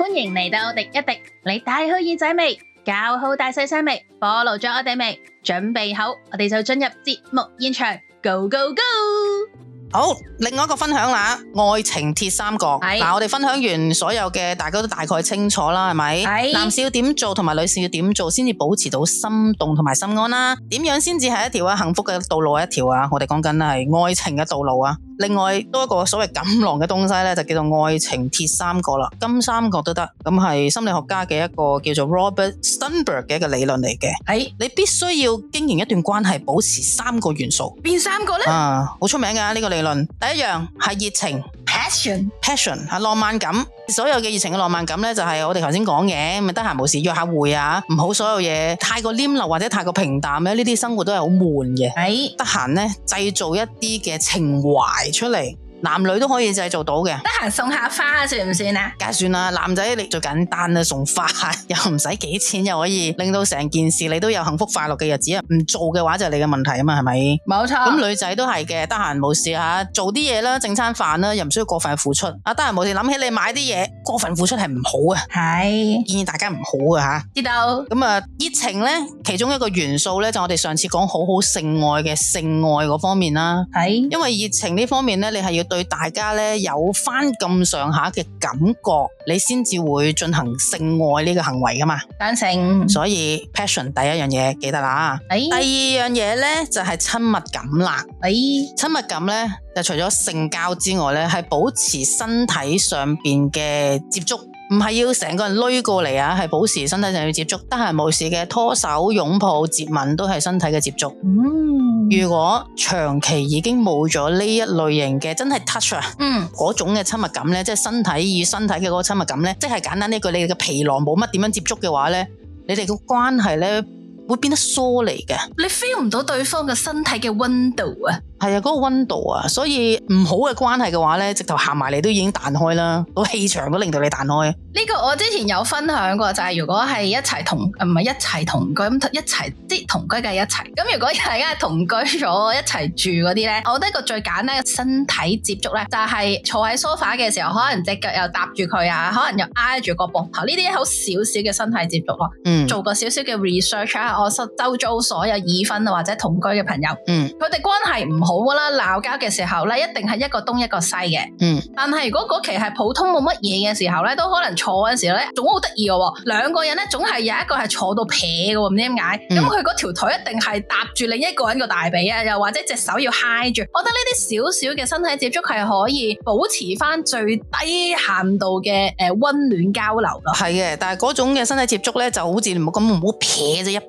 歡迎嚟到滴一滴，你戴好耳仔未？搞好大細聲未？鍋爐咗我哋未？準備好，我哋就進入節目現場，Go Go Go！好，另外一個分享啦，愛情鐵三角。嗱，我哋分享完所有嘅，大家都大概清楚啦，係咪？係。男士要點做，同埋女士要點做，先至保持到心動同埋心安啦。點樣先至係一條啊幸福嘅道路一條啊？我哋講緊係愛情嘅道路啊！另外多一個所謂錦囊嘅東西咧，就叫做愛情鐵三角啦，金三角都得。咁係心理學家嘅一個叫做 Robert Sternberg 嘅一個理論嚟嘅，係、哎、你必須要經營一段關係，保持三個元素，邊三個咧？啊，好出名噶呢，啊這個理論。第一樣係熱情。passion，passion 吓浪漫感，所有嘅熱情嘅浪漫感咧，就係我哋頭先講嘅，咪得閒冇事約下會啊，唔好所有嘢太過黏流或者太過平淡咧，呢啲生活都係好悶嘅，係得閒咧製造一啲嘅情懷出嚟。男女都可以製造到嘅，得閒送下花、啊、算唔算啊？梗係算啦，男仔你最簡單啦，送花又唔使幾錢，又可以令到成件事你都有幸福快樂嘅日子啊！唔做嘅話就係你嘅問題啊嘛，係咪？冇錯。咁女仔都係嘅，得閒冇事吓做啲嘢啦，整餐飯啦，又唔需要過分付出。啊，得閒冇事諗起你買啲嘢，過分付出係唔好啊，係的建議大家唔好嘅吓，知道。咁啊，熱情咧，其中一個元素咧就我哋上次講好好性愛嘅性愛嗰方面啦，係的因為熱情呢方面咧你係要。對大家咧有返咁上下嘅感覺，你先至會進行性愛呢個行為㗎嘛？單性信、嗯，所以 passion 第一樣嘢記得啦。哎、第二樣嘢咧就係、是、親密感啦。誒、哎，親密感咧就除咗性交之外咧，係保持身體上邊嘅接觸，唔係要成個人擂過嚟啊，係保持身體上面接觸，得閒冇事嘅拖手、擁抱、接吻都係身體嘅接觸。嗯如果長期已經冇咗呢一類型嘅真係 touch 啊、嗯，嗰種嘅親密感咧，即係身體與身體嘅嗰個親密感咧，即係簡單呢句，你哋嘅皮膚冇乜點樣接觸嘅話咧，你哋個關係咧，會變得疏離嘅，你 feel 唔到對方嘅身體嘅溫度啊？係啊，嗰個溫度啊，所以唔好嘅關係嘅話咧，直頭行埋嚟，都已經彈開啦，個氣場都令到你彈開。呢個我之前有分享過，就係如果係一齊同唔係一齊同居，一齊即同居嘅一齊。咁如果大家係同居咗一齊住嗰啲咧，我覺得一個最簡單嘅身體接觸咧，就係坐喺 sofa 嘅時候，可能隻腳又搭住佢啊，可能又挨住個膊頭，呢啲好少少嘅身體接觸咯。嗯，做個少少嘅 research 啊。我失周遭所有已婚或者同居嘅朋友，嗯，佢哋關係唔好啦，鬧交嘅時候咧，一定係一個東一個西嘅，嗯。但係如果嗰期係普通冇乜嘢嘅時候咧，都可能坐嘅時候咧，總好得意嘅，兩個人咧總係有一個係坐到撇嘅，唔知點解，咁佢嗰條腿一定係搭住另一個人個大髀啊，又或者隻手要揩住。我覺得呢啲少少嘅身體接觸係可以保持翻最低限度嘅誒溫暖交流咯。係嘅，但係嗰種嘅身體接觸咧就好似你冇咁唔好撇啫一。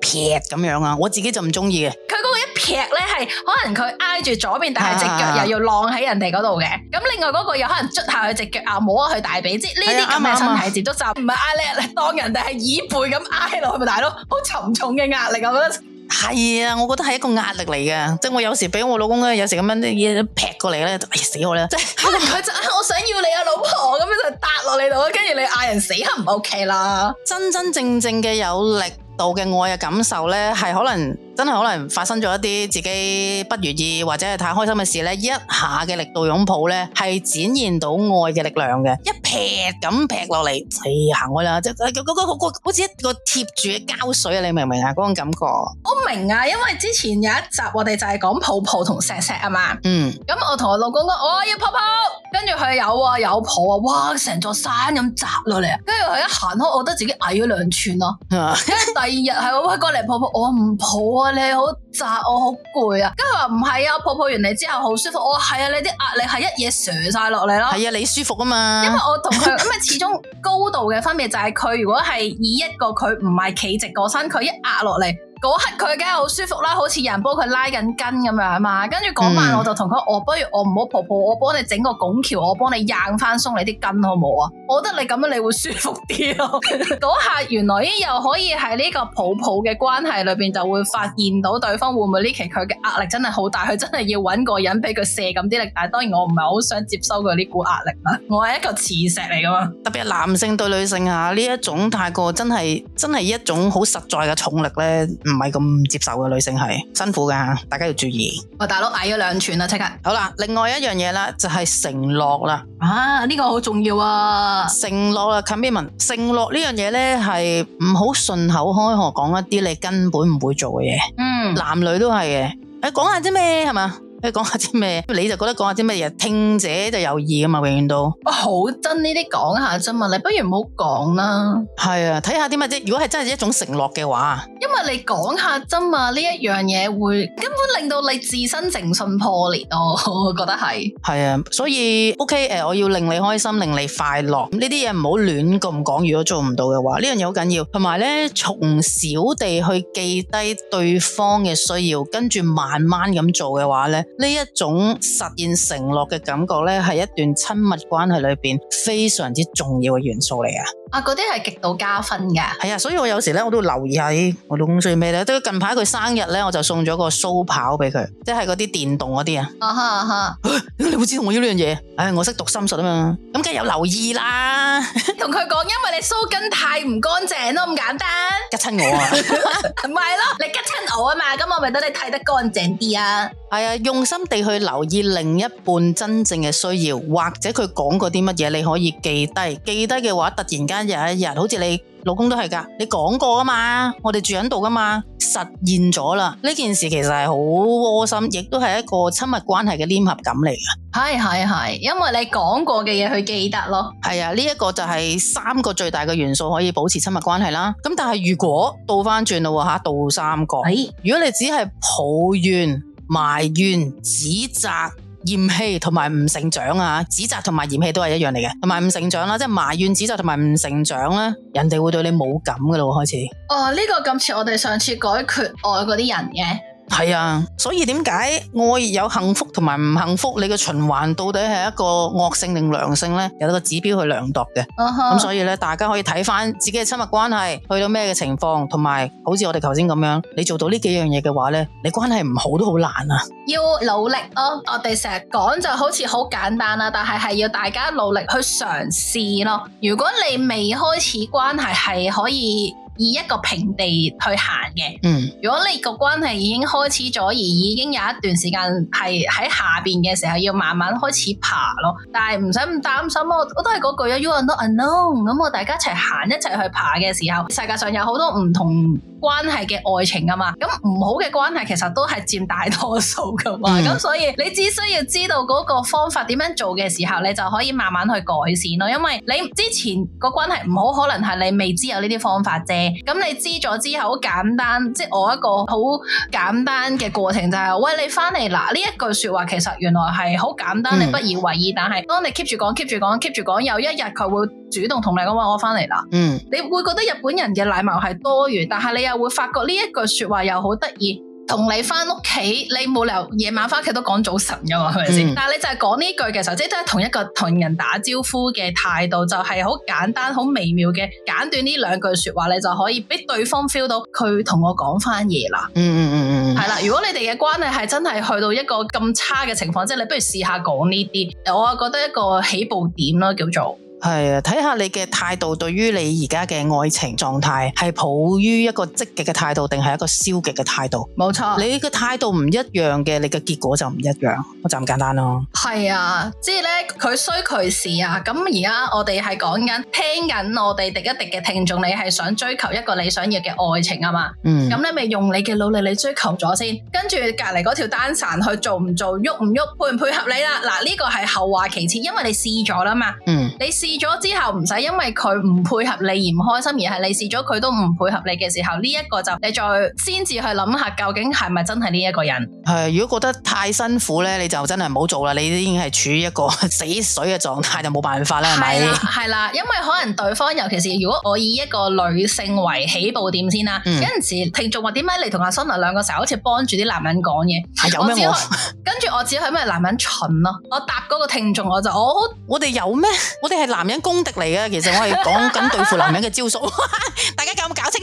咁樣啊，我自己就唔中意嘅。佢嗰個一劈咧，係可能佢挨住左邊，但係隻腳又要晾喺人哋嗰度嘅。咁另外嗰個又可能捽下佢隻腳啊，摸下佢大髀，即係呢啲咁嘅身體接觸就唔係嗌你啦。當人哋係椅背咁挨落去咪大佬，好沉重嘅壓力，我覺得係啊，我覺得係一個壓力嚟㗎。即係我有時俾我老公咧，有時咁樣啲嘢劈過嚟咧，哎死我啦！即係可能佢就 我想要你啊，老婆咁樣就搭落你度，跟住你嗌人死硬唔 OK 啦，真真正正嘅有力。到嘅愛嘅感受咧，係可能。真係可能發生咗一啲自己不如意或者係太開心嘅事咧，一下嘅力度擁抱咧，係展現到愛嘅力量嘅，一劈咁劈落嚟，哎行開啦，即係、嗰嗰嗰個好似一個貼住嘅膠水啊，你明唔明啊？嗰種感覺，我明啊，因為之前有一集我哋就係講抱抱同錫錫啊嘛，嗯，咁我同我老公講、oh,，我要抱抱，跟住佢有啊有抱啊，哇成座山咁砸落嚟，跟住佢一行開，我覺得自己矮咗兩寸咯，啊嗯、第二日係我喂 過嚟抱抱，我話唔抱啊。哇你好攦，我好攰啊！跟住話唔係啊，抱抱完你之後好舒服。我話係啊，你啲壓力係一嘢卸晒落嚟咯。係啊，你舒服啊嘛。因為我同佢，咁啊，始終高度嘅分別就係佢如果係以一個佢唔係企直個身，佢一壓落嚟。嗰刻佢梗係好舒服啦，好似有人幫佢拉緊筋咁樣啊嘛。跟住嗰晚我就同佢，嗯、我不如我唔好抱抱，我幫你整個拱橋，我幫你硬翻鬆你啲筋好冇啊？我覺得你咁樣你會舒服啲咯。嗰 刻原來又可以喺呢個抱抱嘅關係裏邊就會發現到對方會唔會呢期佢嘅壓力真係好大，佢真係要揾個人俾佢射咁啲力。但係當然我唔係好想接收佢呢股壓力啦，我係一個磁石嚟噶嘛。特別係男性對女性嚇呢一種太過真係真係一種好實在嘅重力呢。唔係咁接受嘅女性係辛苦噶，大家要注意。我大佬矮咗兩寸啦，即刻。好啦，另外一樣嘢啦，就係承諾啦。啊，呢個好重要啊！承諾啦，Commitment。承諾呢樣嘢咧，係唔好順口開河講一啲你根本唔會做嘅嘢。嗯，男女都係嘅。誒，講下啫咩？係嘛？你講下啲咩？你就覺得講下啲乜嘢，聽者就有意噶嘛？永遠都我好憎呢啲講下啫嘛，你不如唔好講啦。係啊，睇下啲乜啫？如果係真係一種承諾嘅話，因為你講下啫嘛，呢一樣嘢會根本令到你自身誠信破裂咯，我覺得係。係啊，所以 OK 誒，我要令你開心，令你快樂。呢啲嘢唔好亂咁講。如果做唔到嘅話，呢樣嘢好緊要。同埋咧，從小地去記低對方嘅需要，跟住慢慢咁做嘅話咧。呢一種實現承諾嘅感覺咧，係一段親密關係裏面非常之重要嘅元素嚟。啊！嗰啲係極度加分㗎，係啊，所以我有時咧，我都留意喺我老公最要咩咧。都近排佢生日咧，我就送咗個鬚刨俾佢，即係嗰啲電動嗰啲、uh huh, uh huh. 啊。你會知道我呢樣嘢，唉、哎，我識讀心術啊嘛。咁梗係有留意啦。同佢講，因為你鬚根太唔乾淨咯，咁簡單。吉親我啊？唔 係 咯，你吉親我啊嘛。咁我咪等你剃得乾淨啲啊。係啊，用心地去留意另一半真正嘅需要，或者佢講過啲乜嘢，你可以記低。記低嘅話,話，突然間。一日一日，好似你老公都係噶，你講過啊嘛，我哋住喺度噶嘛，實現咗啦。呢件事其實係好窩心，亦都係一個親密關係嘅黏合感嚟嘅。係係係，因為你講過嘅嘢，佢記得咯。係啊，呢、這、一個就係三個最大嘅元素可以保持親密關係啦。咁但係如果倒翻轉咯吓，倒、啊、三個，如果你只係抱怨、埋怨、指責。嫌棄同埋唔成長啊，指責同埋嫌棄都係一樣嚟嘅，同埋唔成長啦，即埋怨、指責同埋唔成長啦，人哋會對你冇感噶啦，開始。哦，呢、這個咁似我哋上次改缺愛嗰啲人嘅。係啊，所以點解我有幸福同埋唔幸福？你嘅循環到底係一個惡性定良性呢？有一個指標去量度嘅。咁、uh huh. 所以呢，大家可以睇翻，自己嘅親密關係去到咩嘅情況，同埋好似我哋頭先咁樣，你做到呢幾樣嘢嘅話呢，你關係唔好都好難啊！要努力咯、啊，我哋成日講就好似好簡單啦、啊，但係係要大家努力去嘗試咯。如果你未開始關係係可以。以一個平地去行嘅，嗯、如果你個關係已經開始咗而已經有一段時間係喺下邊嘅時候，要慢慢開始爬咯。但係唔使咁擔心，我都 unknown,、嗯、我都係嗰句啊，you are not alone。咁我大家一齊行一齊去爬嘅時候，世界上有好多唔同，關係嘅愛情啊嘛，咁唔好嘅關係其實都係佔大，大多數噶嘛，咁、mm hmm. 所以你只需要知道嗰個方法點樣做嘅時候，你就可以慢慢去改善咯。因為你之前個關係唔好，可能係你未知有呢啲方法啫。咁你知咗之後，好簡單，即係我一個好簡單嘅過程就係、是：喂，你翻嚟啦！呢一句説話其實原來係好簡單，你不以為意，mm hmm. 但係當你 keep 住講、keep 住講、keep 住講，有一日佢會主動同你講話：我翻嚟啦！嗯、mm，hmm. 你會覺得日本人嘅禮貌係多餘，但係你又～就會發覺呢一句說話又好得意，同你翻屋企，你冇理由夜晚翻屋企都講早晨㗎嘛，係咪先？嗯、但係你就係講呢句嘅時候，即係都係同一個同人打招呼嘅態度，就係、是、好簡單、好微妙嘅簡短呢兩句說話，你就可以俾對方 feel 到佢同我講翻嘢啦。嗯嗯嗯嗯，係啦。如果你哋嘅關係係真係去到一個咁差嘅情況，即係你不如試下講呢啲，我啊覺得一個起步點咯，叫做。係啊，睇下你嘅態度對於你而家嘅愛情狀態，係抱於一個積極嘅態度，定係一個消極嘅態度？冇錯，你嘅態度唔一樣嘅，你嘅結果就唔一樣，就咁簡單咯。係啊，即係咧，佢衰佢事啊！咁而家我哋係講緊聽緊我哋滴一滴嘅聽眾，你係想追求一個你想要嘅愛情啊嘛？嗯。咁咧，咪用你嘅努力，你追求咗先，跟住隔籬嗰條單繩去做唔做，喐唔喐，配唔配合你啦？嗱，呢個係後話其次，因為你試咗啦嘛。嗯。你試。試咗之後唔使因為佢唔配合你而唔開心，而係你試咗佢都唔配合你嘅時候，呢、這、一個就你再先至去諗下究竟係咪真係呢一個人？係如果覺得太辛苦咧，你就真係唔好做啦。你已經係處於一個死水嘅狀態，就冇辦法啦。係咪係啦，因為可能對方，尤其是如果我以一個女性為起步點先啦，有陣、嗯、時聽眾話點解你同阿 Sona 兩個時候好似幫住啲男人講嘢？有咩我跟住我只係因為男人蠢咯。我答嗰個聽眾我就我我哋有咩？我哋係男。男人公敵嚟嘅，其實我係講緊對付男人嘅招數，大家。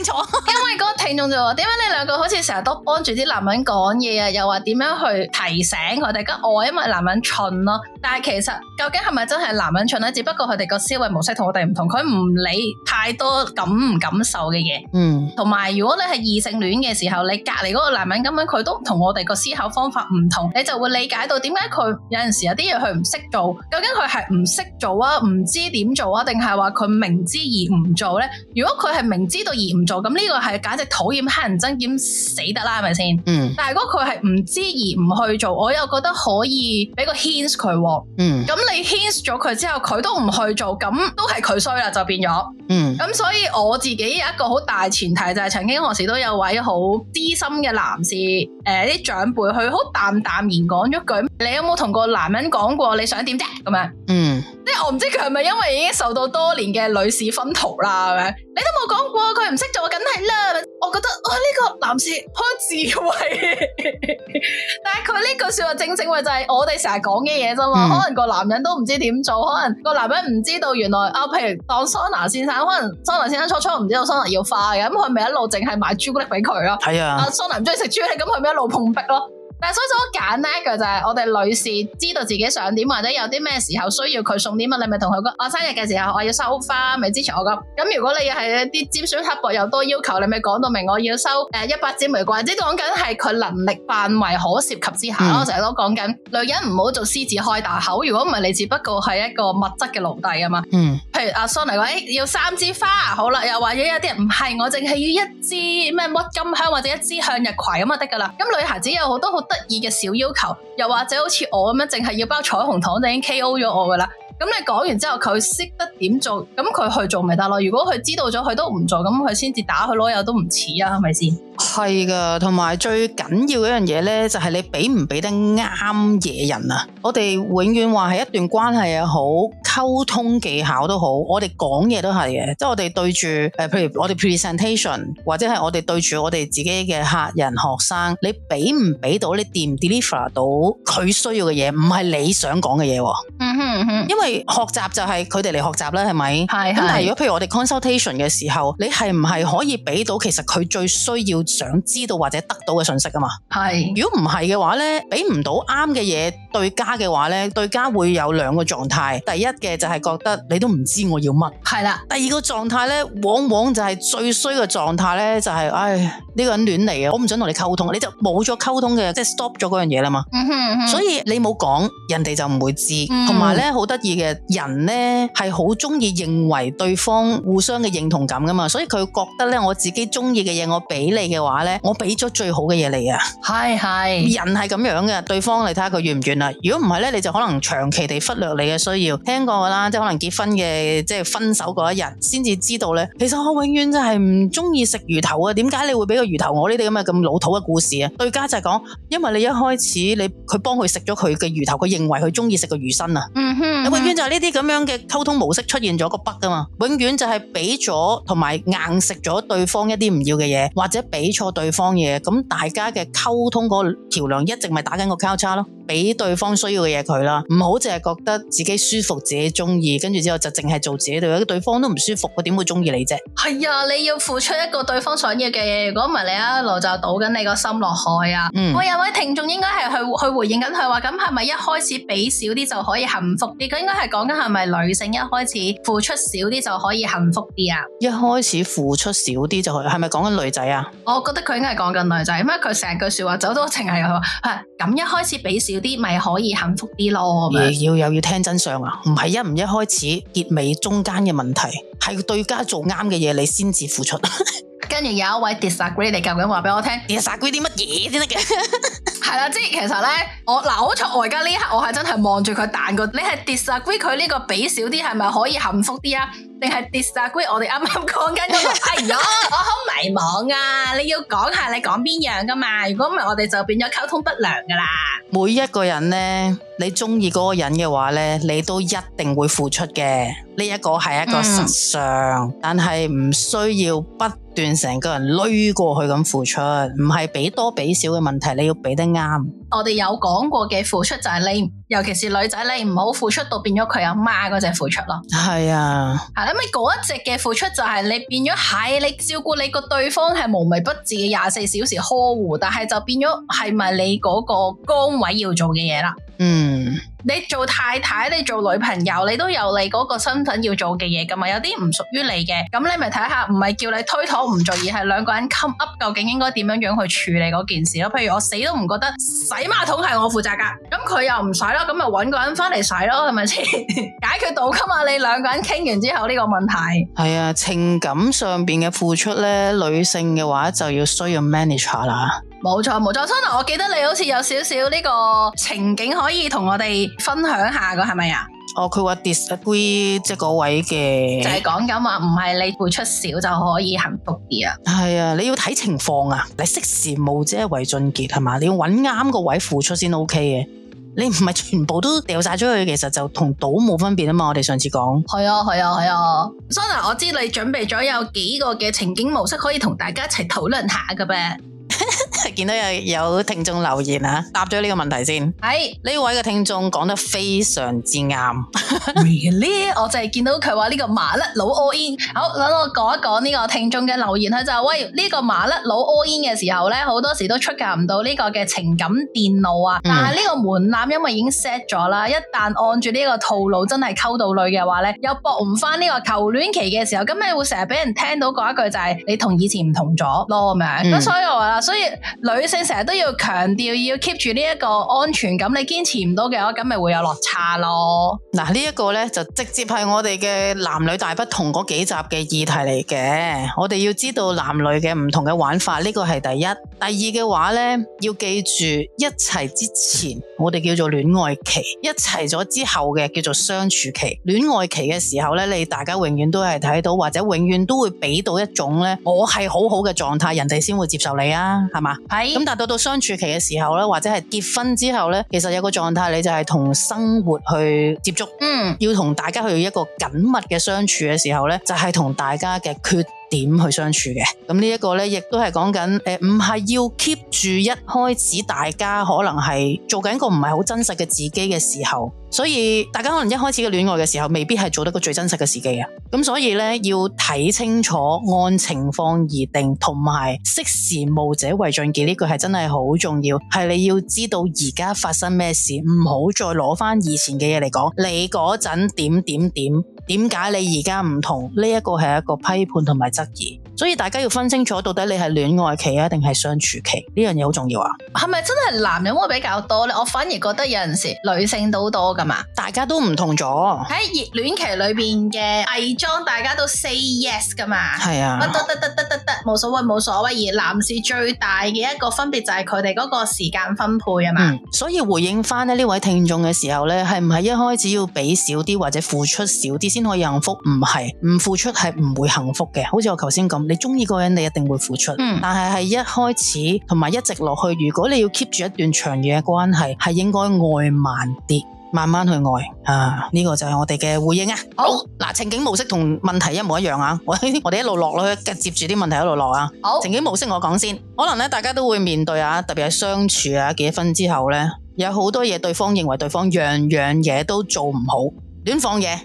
因為嗰個聽眾就話：點解你兩個好似成日都幫住啲男人講嘢啊？又話點樣去提醒佢哋。」我，因為男人蠢咯。但係其實究竟係咪真係男人蠢咧？只不過佢哋個思維模式同我哋唔同，佢唔理太多感唔感受嘅嘢。嗯，同埋如果你係異性戀嘅時候，你隔籬嗰個男人咁樣，佢都同我哋個思考方法唔同，你就會理解到點解佢有陣時有啲嘢佢唔識做。究竟佢係唔識做啊？唔知點做啊？定係話佢明知而唔做咧？如果佢係明知道而唔，做咁，呢個係簡直討厭黑人憎兼死得啦，係咪先？嗯。但係如果佢係唔知而唔去做，我又覺得可以俾個 hint 佢喎。嗯。咁你 hint 咗佢之後，佢都唔去做，咁都係佢衰啦，就變咗。嗯。咁所以我自己有一個好大前提，就係、是、曾經何時都有位好資深嘅男士，誒、呃，啲長輩，佢好淡淡然講咗句：你有冇同個男人講過你想點啫？咁樣。嗯。即係我唔知佢係咪因為已經受到多年嘅女士熏陶啦，咁樣你都冇講過佢唔識做，梗係啦。我覺得啊呢、哦這個男士好智慧， 但係佢呢句說話正正就話就係我哋成日講嘅嘢啫嘛。可能個男人都唔知點做，可能個男人唔知道原來啊，譬如當桑拿先生，可能桑拿先生初初唔知道桑拿要花嘅，咁佢咪一路淨係買朱古力俾佢咯。係、哎、呀啊，啊桑拿唔中意食朱古力，咁佢咪一路碰壁咯。但所以好簡單一句就係、是、我哋女士知道自己想點或者有啲咩時候需要佢送啲乜，你咪同佢講，我、哦、生日嘅時候我要收花，咪支持我咯。咁、嗯嗯嗯、如果你又係一啲尖酸刻薄又多要求，你咪講到明我要收誒一百支玫瑰，或者講緊係佢能力範圍可涉及之下咯。成日都講緊女人唔好做獅子開大口，如果唔係你只不過係一個物質嘅奴隸啊嘛。嗯，譬如阿、啊、Sony 話誒、哎、要三支花，好啦，又或者有啲人唔係，我淨係要一支咩鬱金香或者一支向日葵咁就得噶啦。咁女孩子有好多好。得意嘅小要求，又或者好似我咁樣，淨係要包彩虹糖就已經 K.O. 咗我噶啦。咁、嗯、你講完之後，佢識得點做，咁佢去做咪得咯？如果佢知道咗，佢都唔做，咁佢先至打佢攞又都唔似啊，係咪先？係噶，同埋最緊要一樣嘢咧，就係你俾唔俾得啱嘢人啊！我哋永遠話係一段關係又、啊、好。溝通技巧都好，我哋講嘢都係嘅，即係我哋對住誒，譬如我哋 presentation 或者係我哋對住我哋自己嘅客人、學生，你俾唔俾到，你 deliver 到佢需要嘅嘢，唔係你想講嘅嘢喎。嗯哼嗯哼。因為學習就係佢哋嚟學習啦，係咪？係係。咁但係如果譬如我哋 consultation 嘅時候，你係唔係可以俾到其實佢最需要想知道或者得到嘅信息啊嘛？係是。如果唔係嘅話咧，俾唔到啱嘅嘢對家嘅話咧，對家會有兩個狀態，第一嘅就係覺得你都唔知我要乜，係啦。第二個狀態咧，往往就係最衰嘅狀態咧，就係，唉，呢個人亂嚟啊，我唔想同你溝通，你就冇咗溝通嘅，即係 stop 咗嗰樣嘢啦嘛。嗯哼。所以你冇講，人哋就唔會知。同埋咧，好得意嘅人咧係好中意認為對方互相嘅認同感噶嘛，所以佢覺得咧，我自己中意嘅嘢我俾你嘅話咧，我俾咗最好嘅嘢你啊。係係。人係咁樣嘅，對方你睇下佢願唔願啦。如果唔係咧，你就可能長期地忽略你嘅需要。聽。啦，即係可能結婚嘅，即係分手嗰一日先至知道咧。其實我永遠就係唔中意食魚頭啊！點解你會俾個魚頭我呢啲咁嘅咁老土嘅故事啊？對家就係講，因為你一開始你佢幫佢食咗佢嘅魚頭，佢認為佢中意食個魚身啊。嗯哼，嗯哼，永遠就係呢啲咁樣嘅溝通模式出現咗個 bug 㗎嘛，永遠就係俾咗同埋硬食咗對方一啲唔要嘅嘢，或者俾錯對方嘢，咁大家嘅溝通個橋樑一直咪打緊個交叉咯。俾對方需要嘅嘢佢啦，唔好淨係覺得自己舒服、自己中意，跟住之後就淨係做自己對，對方都唔舒服，我點會中意你啫？係啊，你要付出一個對方想要嘅嘢，如果唔係你一路就倒緊你個心落海啊！我有位聽眾應該係去去回應緊佢話，咁係咪一開始俾少啲就可以幸福啲？佢應該係講緊係咪女性一開始付出少啲就可以幸福啲啊？一開始付出少啲就係係咪講緊女仔啊？我覺得佢應該係講緊女仔，因為佢成句説話走咗，淨係佢話係咁一開始俾少。啲咪可以幸福啲咯，要又要聽真相啊？唔係一唔一開始結尾中間嘅問題，係對家做啱嘅嘢，你先至付出。 跟住有一位 disagree，你究竟話俾我聽，disagree 啲乜嘢先得嘅？係、 啊、啦，即係其實咧，我嗱好彩我而家呢刻，我係真係望住佢彈過。你係 disagree 佢呢個俾少啲，係咪可以幸福啲啊？定係 disagree？我哋啱啱講緊嗰個，哎呀，我好迷茫啊！你要講下你講邊樣噶嘛？如果唔係，我哋就變咗溝通不良噶啦。每一個人呢，你中意嗰個人嘅話呢，你都一定會付出嘅。呢一個係一個實相，但係唔需要不斷成個人累過去咁付出，唔係俾多俾少嘅問題，你要俾得啱。我哋有講過嘅付出就係你。尤其是女仔，你唔好付出到變咗佢阿媽嗰隻付出咯。係啊，係咁，你嗰一隻嘅付出就係你變咗係你照顧你個對方係無微不至嘅廿四小時呵護，但係就變咗係咪你嗰個崗位要做嘅嘢啦？嗯，mm hmm. 你做太太，你做女朋友，你都有你嗰個身份要做嘅嘢噶嘛。有啲唔屬於你嘅，咁你咪睇下，唔係叫你推託唔做，而係兩個人 c 究竟應該點樣樣去處理嗰件事咯。譬如我死都唔覺得洗馬桶係我負責噶，咁佢又唔使咯，咁咪揾個人翻嚟洗咯，係咪先？ 解決到噶嘛？你兩個人傾完之後呢個問題。係啊，情感上邊嘅付出咧，女性嘅話就要需要 manage 啦。冇錯冇錯，Sona，我記得你好似有少少呢個情景可以同我哋分享下，噶，係咪啊？哦，佢話 disagree 即係、嗯、嗰位嘅就係講緊話唔係你付出少就可以幸福啲啊？係啊，你要睇情況啊，你識時務者為俊傑係嘛？你要揾啱個位付出先 OK 嘅，你唔係全部都掉晒出去，其實就同賭冇分別啊嘛。我哋上次講，係啊係啊係啊，Sona，我知你準備咗有幾個嘅情景模式可以同大家一齊討論下噶唄。見到有有聽眾留言啊，答咗呢個問題先。係呢是位嘅聽眾講得非常之啱。Really, 我就係見到佢話呢個麻甩佬 all in。好，等我講一講呢個聽眾嘅留言。佢就是、喂呢、呢個麻甩佬 all in 嘅時候咧，好多時都出格唔到呢個嘅情感電腦啊。但係呢個門檻因為已經 set 咗啦，一旦按住呢個套路真係溝到女嘅話咧，又駁唔返呢個求戀期嘅時候，咁你會成日俾人聽到嗰一句就係你同以前唔同咗咯咁樣。咁、mm. 所以我話啦，所以。女性成日都要強調要 keep 住呢一個安全感，你堅持唔到嘅話，咁咪會有落差咯。嗱，呢一個呢，就直接係我哋嘅男女大不同嗰幾集嘅議題嚟嘅。我哋要知道男女嘅唔同嘅玩法，呢個係第一。第二嘅話呢，要記住一齊之前，我哋叫做戀愛期；一齊咗之後嘅叫做相處期。戀愛期嘅時候呢，你大家永遠都係睇到，或者永遠都會俾到一種呢——我係好好嘅狀態，人哋先會接受你啊，係嘛？喺咁，但係到到相處期嘅時候咧，或者係結婚之後咧，其實有個狀態你就係同生活去接觸，嗯，要同大家去一個緊密嘅相處嘅時候咧，就係、是、同大家嘅決。點去相處嘅？咁呢一個呢，亦都係講緊誒，唔係要 keep 住一開始大家可能係做緊個唔係好真實嘅自己嘅時候，所以大家可能一開始嘅戀愛嘅時候，未必係做得個最真實嘅自己啊。咁所以呢，要睇清楚，按情況而定，同埋識時務者為俊傑呢句係真係好重要，係你要知道而家發生咩事，唔好再攞翻以前嘅嘢嚟講，你嗰陣點點點。點解你而家唔同？呢一個係一個批判同埋質疑。所以大家要分清楚，到底你係戀愛期啊，定係相處期？呢樣嘢好重要啊！係咪真係男人會比較多咧？我反而覺得有陣時女性都多噶嘛。大家都唔同咗喺熱戀期裏邊嘅偽裝，大家都 say yes 噶嘛。係啊，乜都得得得得得，冇所謂冇所謂。而男士最大嘅一個分別就係佢哋嗰個時間分配啊嘛、嗯。所以回應翻呢位聽眾嘅時候咧，係唔係一開始要俾少啲或者付出少啲先可以幸福？唔係，唔付出係唔會幸福嘅。好似我頭先咁。你中意個人，你一定會付出。嗯、但係係一開始同埋一直落去，如果你要 keep 住一段長遠嘅關係，係應該愛慢啲，慢慢去愛啊。呢、呢個就係我哋嘅回應啊。好，嗱、啊、情景模式同問題一模一樣啊。喂， 我哋一路落落去接住啲問題一路落啊。好，情景模式我講先，可能咧大家都會面對啊，特別係相處啊，結婚之後呢，有好多嘢對方認為對方樣樣嘢都做唔好，亂放嘢，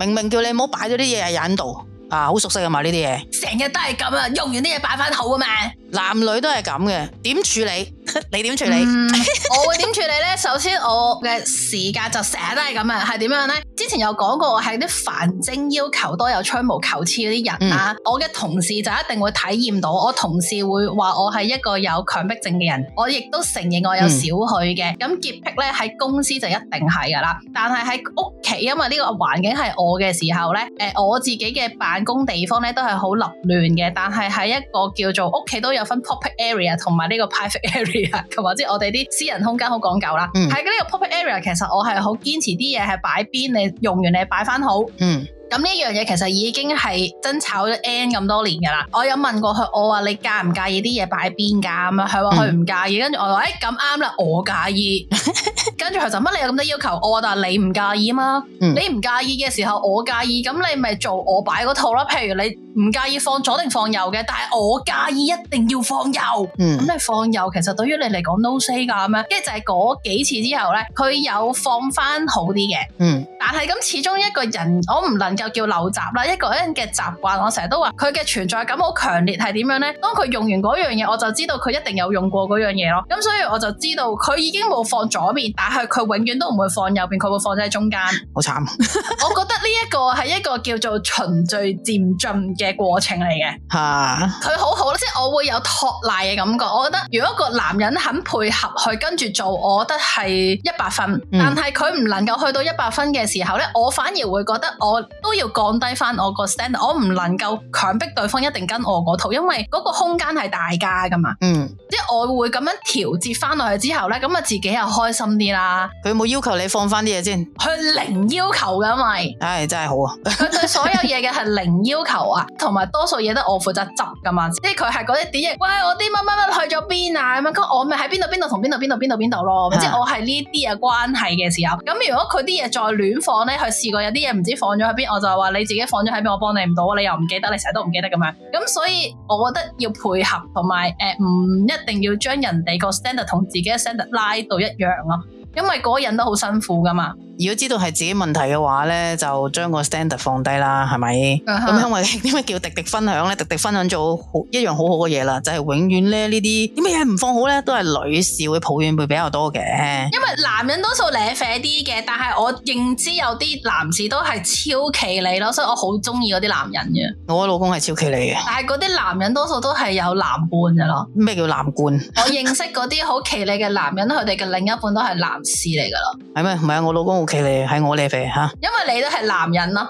明，明明叫你唔好擺咗啲嘢喺度。啊，好熟悉啊，嘛呢啲嘢，成日都係咁啊，用完啲嘢擺翻好啊嘛。男女都係咁嘅，點處理？ 你點處理？嗯、我會點處理呢？ 首先我，我嘅時間就成日都係咁嘅，係點樣呢？之前有講過，我係啲煩精，要求多，有吹毛求疵嗰啲人啦，啊。嗯、我嘅同事就一定會體驗到，我同事會話我係一個有強迫症嘅人。我亦都承認我有少許嘅咁潔癖呢，喺公司就一定係㗎喇。但係喺屋企，因為呢個環境係我嘅時候呢，誒、呃，我自己嘅辦公地方呢，都係好立亂嘅。但係喺一個叫做屋企都有。分 public area 同埋呢個 private area，同埋即係我哋啲私人空間好講究啦。喺呢個 public area，其實我係好堅持啲嘢係擺邊，你用完你擺翻好。嗯。嗯咁呢樣嘢其實已經係爭吵咗 N 咁多年㗎啦。我有問過佢，我話你介唔介意啲嘢擺邊㗎？咁樣，佢話佢唔介意。跟住、嗯、我話，哎，咁啱啦，我介意。跟住佢就乜？你有咁多要求我，但係你唔介意啊嘛？嗯、你唔介意嘅時候，我介意，咁你咪做我擺嗰套啦。譬如你唔介意放左定放右嘅，但係我介意一定要放右。咁、嗯、你放右其實對於你嚟講 no say 㗎咩？跟住就係、是、嗰幾次之後咧，佢有放翻好啲嘅。嗯。但係咁始終一個人，我唔能。又叫陋習啦，一個人嘅習慣，我成日都話佢嘅存在感好強烈，係點樣呢？當佢用完嗰樣嘢，我就知道佢一定有用過嗰樣嘢咯。咁所以我就知道佢已經冇放左面，但係佢永遠都唔會放右邊，佢會放喺中間。好慘很慘！ 我覺得呢一個係一個叫做循序漸進嘅過程嚟嘅。吓， 佢好好，即係我會有託賴嘅感覺。我覺得如果個男人肯配合去跟住做，我覺得係一百分。嗯、但係佢唔能夠去到一百分嘅時候呢，我反而會覺得我。都要降低翻我個 standard，我唔能夠強迫對方一定跟我嗰套，因為嗰個空間係大家噶嘛。嗯，即係我會咁樣調節翻落去之後咧，咁啊自己又開心啲啦。佢冇要求你放翻啲嘢先，佢零要求噶，因為，唉、哎，真係好啊，佢 對所有嘢嘅係零要求啊，同埋多數嘢都我負責執噶嘛，即係佢係嗰啲點嘅， 喂，我啲乜乜乜去咗邊啊咁樣，咁我咪喺邊度邊度同邊度邊度邊度邊度咯，嗯、即係我係呢啲嘢關係嘅時候，咁如果佢啲嘢再亂放咧，佢試過有啲嘢唔知放咗去邊我就話你自己放咗喺邊，我幫你唔到，你又唔記得，你成日都唔記得咁樣，咁所以我覺得要配合同埋誒，唔，呃，一定要將人哋個 standard 同自己嘅 standard 拉到一樣咯。因為嗰人都好辛苦噶嘛，如果知道係自己問題嘅話咧，就將個 standard 放低啦，係咪？咁、uh huh. 因為點解叫迪迪分享咧？迪迪分享做好一樣好好嘅嘢啦，就係、是、永遠咧，呢啲咩嘢唔放好咧，都係女士會抱怨會比較多嘅。因為男人多數舐啡啲嘅，但係我認知有啲男士都係超犀利咯，所以我好中意嗰啲男人嘅。我老公係超犀利嘅，但係嗰啲男人多數都係有男伴嘅咯。咩叫男伴？我認識嗰啲好犀利嘅男人，佢哋嘅另一半都係男。事嚟噶啦，係咩？唔係啊，我老公屋企嚟，係我嚟肥吓，啊、因為你都係男人咯，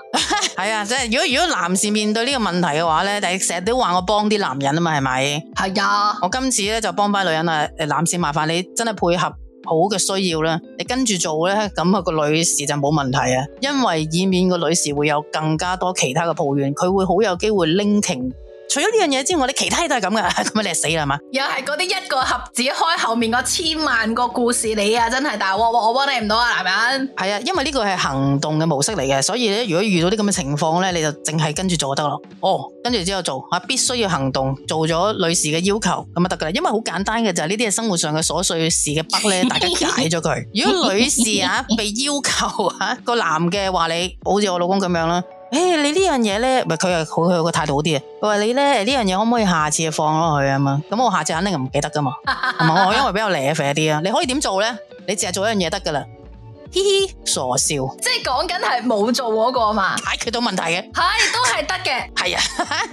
係啊，即係如果如果男士面對呢個問題嘅話咧，但係成日都話我幫啲男人啊嘛，係咪？係啊，我今次咧就幫翻女人啊，誒，男士麻煩你真係配合好嘅需要啦，你跟住做咧，咁、那、啊個女士就冇問題啊，因為以免個女士會有更加多其他嘅抱怨，佢會好有機會拎停。除咗呢樣嘢之外，你其他嘢都係咁噶，咁 啊你就死啦係嘛？又係嗰啲一個盒子開後面個千萬個故事你，啊，真係大鑊，我我幫你唔到啊，男人係啊，因為呢個係行動嘅模式嚟嘅，所以咧如果遇到啲咁嘅情況咧，你就淨係跟住做得咯。哦，跟住之後做啊，必須要行動，做咗女士嘅要求咁啊得噶啦，因為好簡單嘅就係呢啲係生活上嘅瑣碎事嘅筆咧， 大家解咗佢。如果 女士啊被要求吓、啊、個男嘅話，你好似我老公咁樣啦。誒，你呢樣嘢咧，佢又好，佢個態度好啲啊！佢話你咧呢樣嘢可唔可以下次放落去啊？咁啊，咁我下次肯定唔記得噶嘛，我因為比較 l i 啲啊，你可以點做呢？你淨係做一樣嘢得噶啦。嘻嘻，傻笑，即係講緊係冇做嗰個嘛，解決到問題嘅，係都係得嘅，係 啊，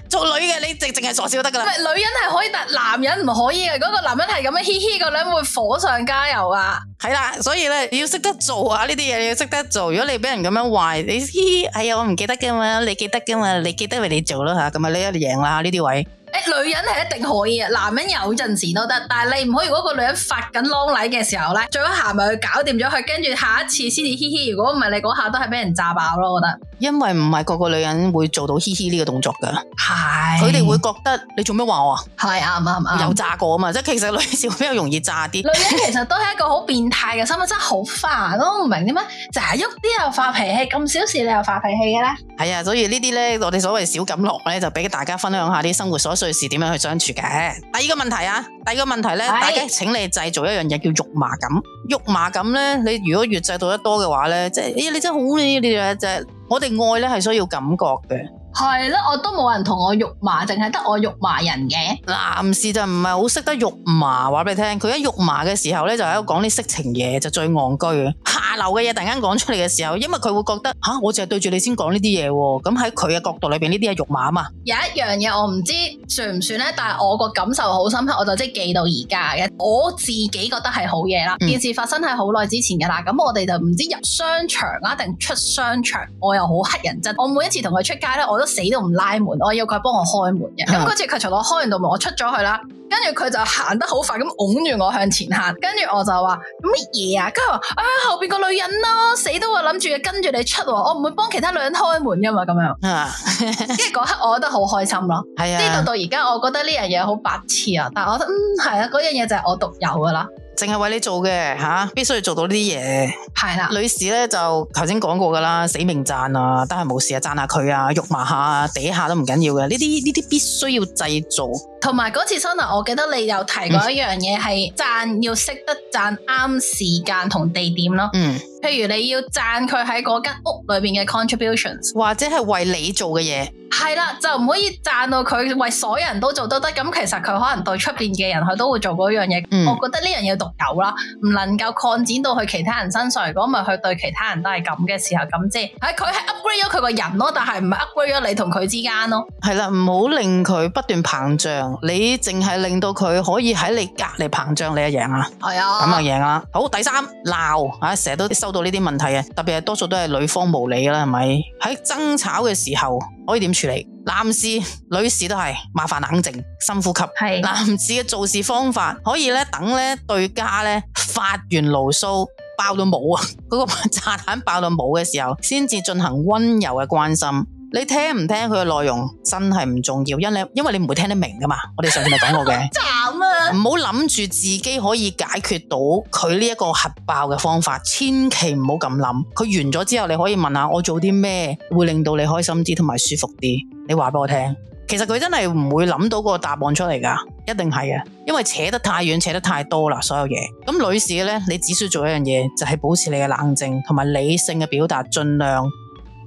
做女嘅你直淨係傻笑得噶啦，因為女人係可以，但男人唔可以嘅，嗰、嗰個男人係咁樣嘻嘻，個女人會火上加油啊。係啦，所以咧要識得做啊，呢啲嘢你要識得做，如果你俾人咁樣壞，你嘻嘻，係、哎、呀，我唔記得嘅嘛，你記得嘅嘛，你記得咪你，你做咯、啊、吓，咁啊你一贏啦呢啲位。誒、欸，女人係一定可以啊，男人有陣時都得，但係你唔可以。如果個女人發緊啷禮嘅時候咧，最後一下咪去搞掂咗佢，跟住下一次先至嘻嘻。如果唔係，你嗰下都係俾人炸爆咯，我覺得。因為唔係個個女人會做到嘻嘻呢個動作噶，係佢哋會覺得你做咩話我啊？係啱啱啱，嗯嗯嗯、有炸過啊嘛！即係其實女士比較容易炸啲。女人其實都係一個好變態嘅生物， 真係好煩咯！唔明點解，就係喐啲又發脾氣，咁小事你又發脾氣嘅咧？係啊，所以呢啲咧，我哋所謂小感樂咧，就俾大家分享下啲生活瑣碎事點樣去相處嘅。第二個問題啊，第二個問題咧，大家是請你製造一樣嘢叫肉麻感。肉麻感咧，你如果越製造得多嘅話咧，即、就、係、是，哎、欸、你真係好你哋啊只。就是我哋愛咧係需要感覺嘅。係咯，我都冇人同我肉麻，淨係得我肉麻人嘅。男士、啊、就唔係好識得肉麻，話俾你聽，佢一肉麻嘅時候咧，就喺度講啲色情嘢，就最戇居，下流嘅嘢突然間講出嚟嘅時候，因為佢會覺得吓、啊，我淨係對住你先講呢啲嘢，咁喺佢嘅角度裏邊，呢啲係肉麻啊嘛。有一樣嘢我唔知算唔算咧，但係我個感受好深刻，我就即係記到而家嘅。我自己覺得係好嘢啦，嗯、件事發生喺好耐之前噶啦，咁我哋就唔知入商場啊定出商場，我又好乞人憎。我每一次同佢出街咧，我都。我死都唔拉門，我要佢幫我開門嘅。咁嗰、嗯、次佢從我開完道門，我出咗去啦。跟住佢就行得好快，咁擁住我向前行。跟住我就話乜嘢啊？跟住話啊後邊個女人咯，死都我諗住跟住你出，我唔會幫其他女人開門噶嘛。咁樣，跟住嗰刻我覺得好開心咯。係啊，即係到而家，我覺得呢樣嘢好白痴啊。但係我覺得：「嗯，嗯係啊，嗰樣嘢就係我獨有噶啦。淨係為你做嘅、啊、必須要做到呢啲嘢。係啦。女士呢，就頭先講過㗎啦，死命讚啊，但係冇事啊，讚下佢啊，肉麻下啊，嗲下都唔緊要嘅。呢啲呢啲必須要製造。同埋嗰次 Sunday 我記得你有提過一樣嘢，係贊、嗯、要識得贊啱時間同地點咯。嗯，譬如你要贊佢喺嗰間屋裏邊嘅 contributions，或者係為你做嘅嘢。係啦，就唔可以贊到佢為所有人都做都得。咁其實佢可能對出邊嘅人，佢都會做嗰樣嘢。嗯、我覺得呢樣嘢獨有啦，唔能夠擴展到去其他人身上。如果唔係佢對其他人都係咁嘅時候，咁即、就、係、是、佢係 upgrade 咗佢個人咯，但係唔係 upgrade 咗你同佢之間咯。係啦，唔好令佢不斷膨脹。你淨係令到佢可以喺你隔籬膨脹，你就贏啊！係啊、哎呀，咁就贏啊。好，第三鬧啊，成日都收到呢啲問題啊，特別係多數都係女方無理啦，係咪？喺爭吵嘅時候可以點處理？男士、女士都係麻煩冷靜、深呼吸。係是男士嘅做事方法，可以咧等咧對家咧發完牢騷、爆到冇啊，嗰 個炸彈爆到冇嘅時候，先至進行溫柔嘅關心。你聽唔聽佢嘅內容真係唔重要，因你因為你唔會聽得明噶嘛。我哋上次咪講過嘅，慘啊！唔好諗住自己可以解決到佢呢一個核爆嘅方法，千祈唔好咁諗。佢完咗之後，你可以問下我做啲咩會令到你開心啲同埋舒服啲。你話俾我聽，其實佢真係唔會諗到個答案出嚟噶，一定係啊，因為扯得太遠，扯得太多啦，所有嘢。咁女士呢，你只需做一樣嘢，就係保持你嘅冷靜同埋理性嘅表達，盡量。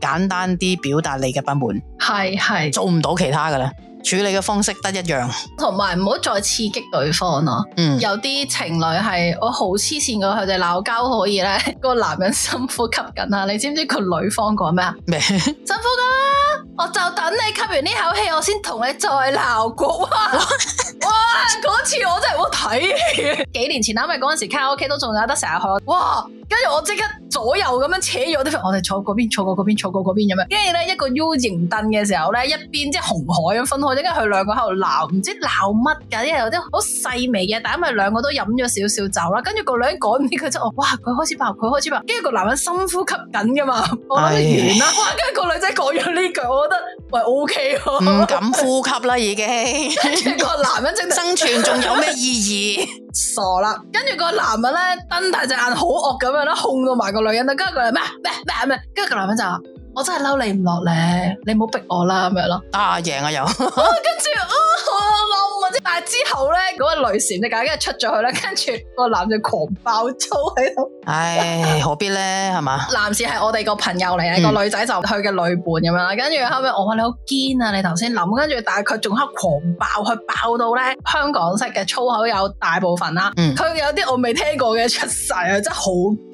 簡單啲表達你嘅不滿，係係做唔到其他嘅啦。處理嘅方式都一樣，同埋唔好再刺激對方咯、啊。嗯，有啲情侶係我好黐線嘅，佢哋鬧交可以咧，個 男人辛苦吸緊啊！你知唔知個女方講咩啊？咩麼辛苦㗎、啊？我就等你吸完呢口氣，我先同你再鬧過、啊。 哇！嗰次我真係好睇嘅。幾年前啊，咪嗰陣時卡拉 OK 都仲有得成日去哇！跟住我即刻左右咁樣扯咗啲，我哋坐嗰邊，坐過嗰邊，坐過嗰邊咁樣。跟住咧一個 U 型凳嘅時候咧，一邊即係紅海咁分開。點解佢兩個喺度鬧，唔知鬧乜噶，因為有啲好細微嘅。但係因為兩個都飲咗少少酒啦，跟住個女人講呢句真我，哇！佢開始拍，佢開始拍，跟住個男人深呼吸緊噶嘛，我諗完啦。唉哇！跟住個女仔講咗呢句，我覺得喂 O K 咯，唔、okay、敢呼吸啦已經。個男人正、就是、 生存仲有咩意義？傻啦！跟住個男人咧瞪大隻眼，好惡咁樣啦，控到埋個女人。跟住個男咩咩咩跟住個男人就話。我真係嬲你唔落咧，你唔好逼我啦咁樣咯，啊 啊。啊，贏啊又。跟住。之後咧，嗰、那個雷蟬就梗係出咗去咧？跟住個男就狂爆粗喺度。唉，何必咧？係嘛？男士係我哋個朋友嚟，嗯、個女仔就佢嘅女伴咁樣。跟住後尾我話你好堅啊！你頭先諗，跟住但係佢仲刻狂爆，去爆到咧香港式嘅粗口有大部分啦、啊。佢、嗯、有啲我未聽過嘅出世啊，真係好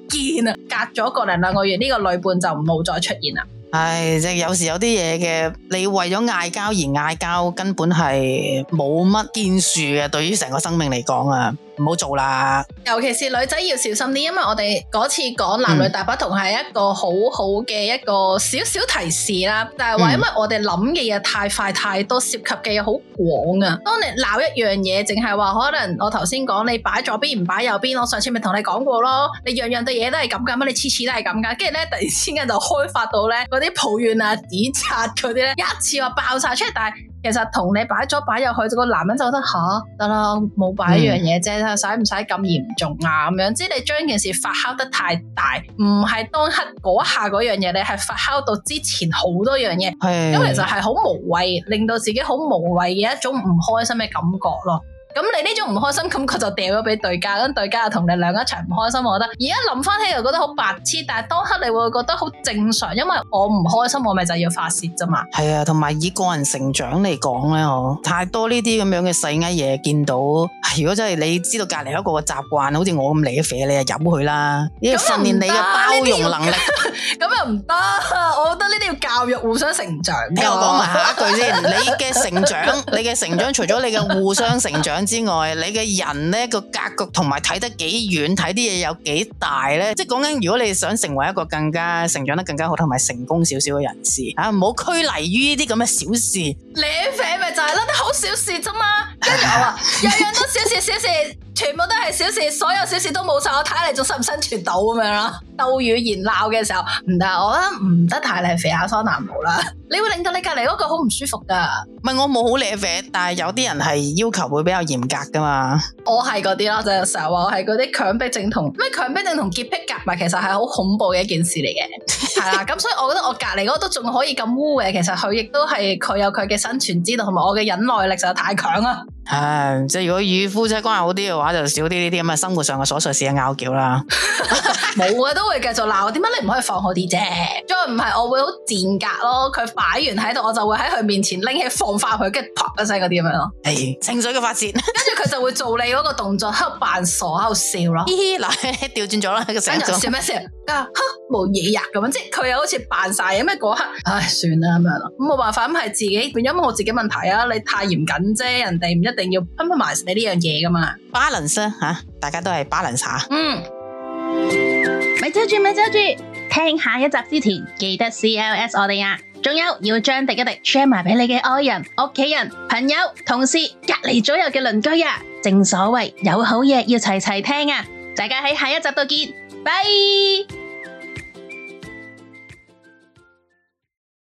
堅啊！隔咗個零兩個月，呢、這個女伴就冇再出現啦。唉，即係有時有啲嘢嘅，你為咗嗌交而嗌交，根本係冇乜建樹嘅。對於成個生命嚟講啊！唔好做啦！尤其是女仔要小心啲，因為我哋嗰次講男女大不同係一個好好嘅一個小小提示啦，就係話因為我哋諗嘅嘢，太快太多，涉及嘅嘢好廣啊。當你鬧一樣嘢，淨係話可能我頭先講你擺左邊唔擺右邊，我上次咪同你講過咯，你樣樣嘅嘢都係咁噶，你次次都係咁噶，跟住咧，突然之間就開發到咧嗰啲抱怨啊、指責嗰啲咧，一次話爆晒出嚟，但係。其實同你擺咗擺入去，個男人就覺得吓得啦，冇、啊、擺一樣嘢啫，使唔使咁嚴重啊？咁樣知你將件事發酵得太大，唔係當刻嗰下嗰樣嘢，你係發酵到之前好多樣嘢，咁其實係好無謂，令到自己好無謂嘅一種唔開心嘅感覺咯。咁你呢種唔開心，感覺就掉咗俾對家，咁對家又同你兩個一齊唔開心。我覺得而家諗翻起又覺得好白痴，但係當刻你會覺得好正常，因為我唔開心，我咪就要發洩啫嘛。係啊，同埋以個人成長嚟講咧，我太多呢啲咁樣嘅細嘅嘢見到。如果真係你知道隔籬一個嘅習慣，好似我咁舐啡，你啊飲佢啦，因為訓練你嘅包容能力。咁又唔得， 我覺得呢啲要教育互相成長。聽我講埋下一句先，你嘅成長，你嘅成長，除咗你嘅互相成長之外，你嘅人呢個格局同埋睇得幾遠，睇啲嘢有幾大呢？即係講緊如果你想成為一個更加成長得更加好，同埋成功少少嘅人士，啊，唔好拘泥於呢啲咁嘅小事。你兩肥咪就係嗰啲好小事啫嘛，跟住我話，樣樣都小事，小事，全部都係小事，所有小事都冇晒。我睇下你仲生唔生存到咁樣咯。鬥語言鬧嘅時候，唔得，我覺得唔得太你係肥下桑拿毛啦，你會令到你隔離嗰個好唔舒服噶。唔係我冇好兩肥，但係有啲人係要求會比較嚴格噶嘛。我係嗰啲咯，就係成日話我係嗰啲強迫症同咩強迫症同潔癖夾埋，其實係好恐怖嘅一件事嚟嘅，係啦。咁所以我覺得我隔離嗰個都仲可以咁污嘅，其實佢亦都係佢有佢嘅。生存之道，同埋我嘅忍耐力實在太強啊！係，即係如果與夫妻關係好啲嘅話，就少啲呢啲咁嘅生活上嘅瑣碎事嘅拗撬啦。冇啊，都會繼續鬧。點解你唔可以放好啲啫？唔係我會好賤格咯，佢擺完喺度，我就會喺佢面前拎起放翻佢，跟住啪一聲嗰啲咁樣咯。誒、哎，情緒嘅發展，跟住佢就會做你嗰個動作喺度扮傻喺度笑咯。嗱，調轉咗啦，個形狀。笑咩笑？冇嘢啊咁樣，即係佢又好似扮晒嘅咩嗰刻。唉、哎，算啦咁樣咯，冇辦法，咁係自己變咗我自己問題啊！你太嚴謹啫，人哋唔一定要 optimize 呢樣嘢噶嘛。balance 吓、啊，大家都係 balance 嗯，咪揸住，咪揸住。聽下一集之前，記得 CLS 我哋啊！仲有要將一滴一滴 share 埋俾你嘅愛人、屋企人、朋友、同事、隔籬左右嘅鄰居啊！正所謂有好嘢要齊齊聽啊！大家喺下一集度見，拜。